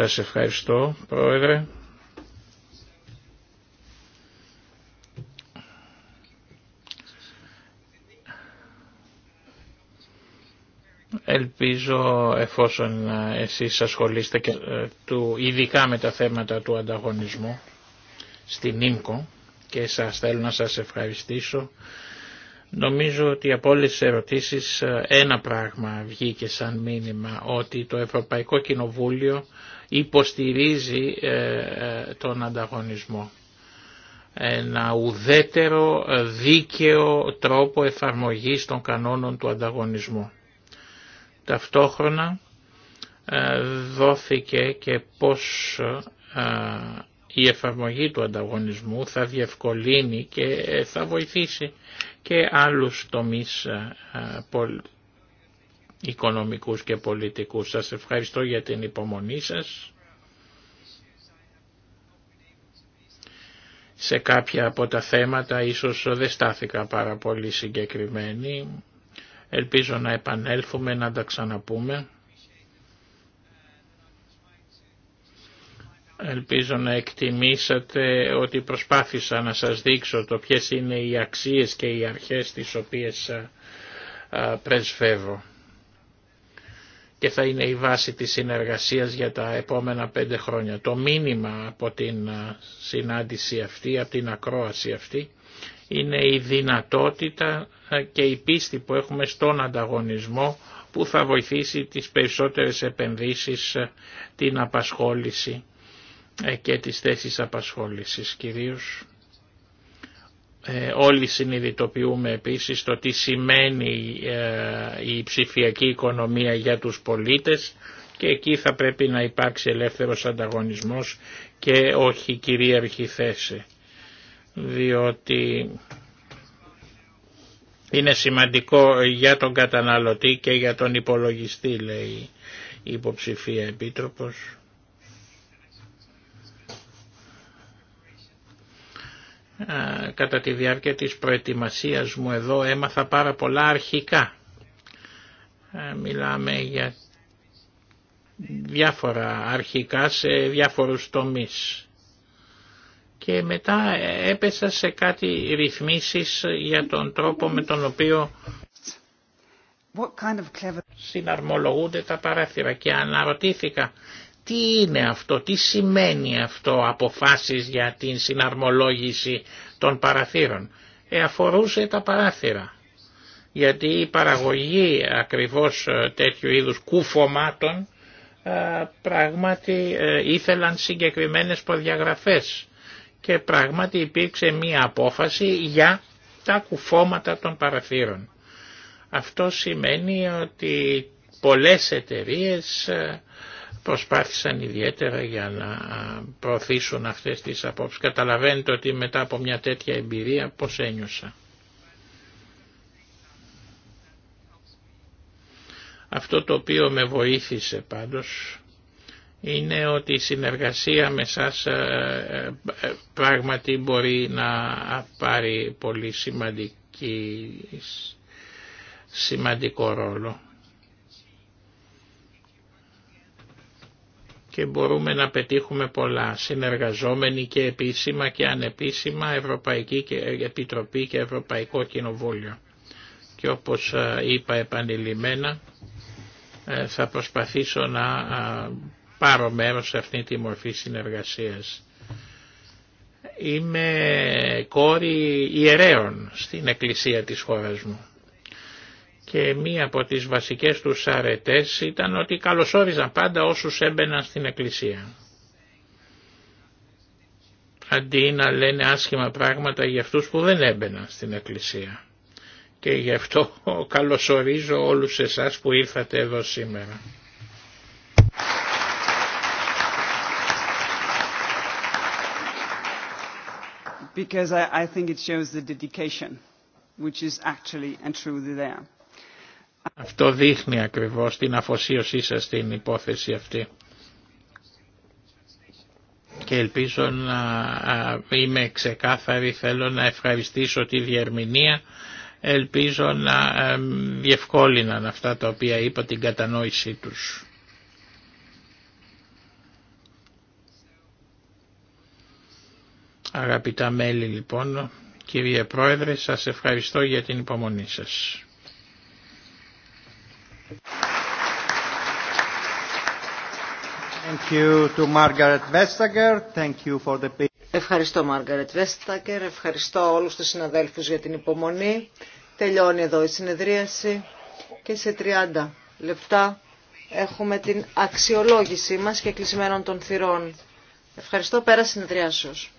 Σας ευχαριστώ, Πρόεδρε. Ελπίζω εφόσον ε, εσείς ασχολείστε και ε, του, ειδικά με τα θέματα του ανταγωνισμού στην ΙΜΚΟ και σας θέλω να σας ευχαριστήσω Νομίζω ότι από όλες τις ερωτήσεις ε, ένα πράγμα βγήκε σαν μήνυμα, ότι το Ευρωπαϊκό Κοινοβούλιο υποστηρίζει ε, ε, τον ανταγωνισμό. Ένα ουδέτερο δίκαιο τρόπο εφαρμογής των κανόνων του ανταγωνισμού. Ταυτόχρονα δόθηκε και πώς η εφαρμογή του ανταγωνισμού θα διευκολύνει και θα βοηθήσει και άλλους τομείς ε, ε, οικονομικούς και πολιτικούς. Σας ευχαριστώ για την υπομονή σας. Σε κάποια από τα θέματα ίσως δεν στάθηκα πάρα πολύ συγκεκριμένη. Ελπίζω να επανέλθουμε, να τα ξαναπούμε. Ελπίζω να εκτιμήσατε ότι προσπάθησα να σας δείξω το ποιες είναι οι αξίες και οι αρχές τις οποίες πρεσβεύω. Και θα είναι η βάση της συνεργασίας για τα επόμενα πέντε χρόνια. Το μήνυμα από την συνάντηση αυτή, από την ακρόαση αυτή, είναι η δυνατότητα και η πίστη που έχουμε στον ανταγωνισμό που θα βοηθήσει τις περισσότερες επενδύσεις, την απασχόληση ε, και τις θέσεις απασχόλησης κυρίως. Ε, όλοι συνειδητοποιούμε επίσης το τι σημαίνει ε, η ψηφιακή οικονομία για τους πολίτες και εκεί θα πρέπει να υπάρξει ελεύθερος ανταγωνισμός και όχι κυρίαρχη θέση. Διότι είναι σημαντικό για τον καταναλωτή και για τον υπολογιστή λέει η υποψηφία επίτροπος. κατά τη διάρκεια της προετοιμασίας μου εδώ έμαθα πάρα πολλά αρχικά. Μιλάμε για διάφορα αρχικά σε διάφορους τομείς. Και μετά έπεσα σε κάτι ρυθμίσεις για τον τρόπο με τον οποίο συναρμολογούνται τα παράθυρα και αναρωτήθηκα τι είναι αυτό, τι σημαίνει αυτό αποφάσεις για την συναρμολόγηση των παραθύρων. Ε, αφορούσε τα παράθυρα. Γιατί η παραγωγή ακριβώς ε, τέτοιου είδους κουφωμάτων ε, πράγματι ε, ήθελαν συγκεκριμένες προδιαγραφές και πράγματι υπήρξε μία απόφαση για τα κουφώματα των παραθύρων. Αυτό σημαίνει ότι πολλές εταιρείες προσπάθησαν ιδιαίτερα για να προωθήσουν αυτές τις απόψεις. Καταλαβαίνετε ότι μετά από μια τέτοια εμπειρία πώς ένιωσα. Αυτό το οποίο με βοήθησε πάντως είναι ότι η συνεργασία με σας πράγματι μπορεί να πάρει πολύ σημαντική, σημαντικό ρόλο. και μπορούμε να πετύχουμε πολλά, συνεργαζόμενοι και επίσημα και ανεπίσημα Ευρωπαϊκή ε, Επιτροπή και Ευρωπαϊκό Κοινοβούλιο. Και όπως ε, είπα επανειλημμένα, ε, θα προσπαθήσω να πάρω μέρος σε αυτή τη μορφή συνεργασίας. Είμαι κόρη ιερέων στην εκκλησία της χώρας μου και μία από τις βασικές τους αρετές ήταν ότι καλωσόριζαν πάντα όσους έμπαιναν στην εκκλησία. Αντί να λένε άσχημα πράγματα για αυτούς που δεν έμπαιναν στην εκκλησία. Και γι' αυτό καλωσορίζω όλους εσάς που ήρθατε εδώ σήμερα. Because I, I think it shows the dedication, which is actually and truly there. Αυτό δείχνει ακριβώς την αφοσίωσή σας στην υπόθεση αυτή. Και ελπίζω να είμαι ξεκάθαρη, θέλω να ευχαριστήσω τη διερμηνία, ελπίζω να διευκόλυναν αυτά τα οποία είπα την κατανόησή τους. Αγαπητά μέλη λοιπόν, κύριε Πρόεδρε, σας ευχαριστώ για την υπομονή σας. Ευχαριστώ Μάργαρετ Βέστακερ, ευχαριστώ όλους τους συναδέλφους για την υπομονή. Τελειώνει εδώ η συνεδρίαση και σε 30 λεπτά έχουμε την αξιολόγησή μας και κλεισμένων των θυρών. Ευχαριστώ, πέρα συνεδριάσεως.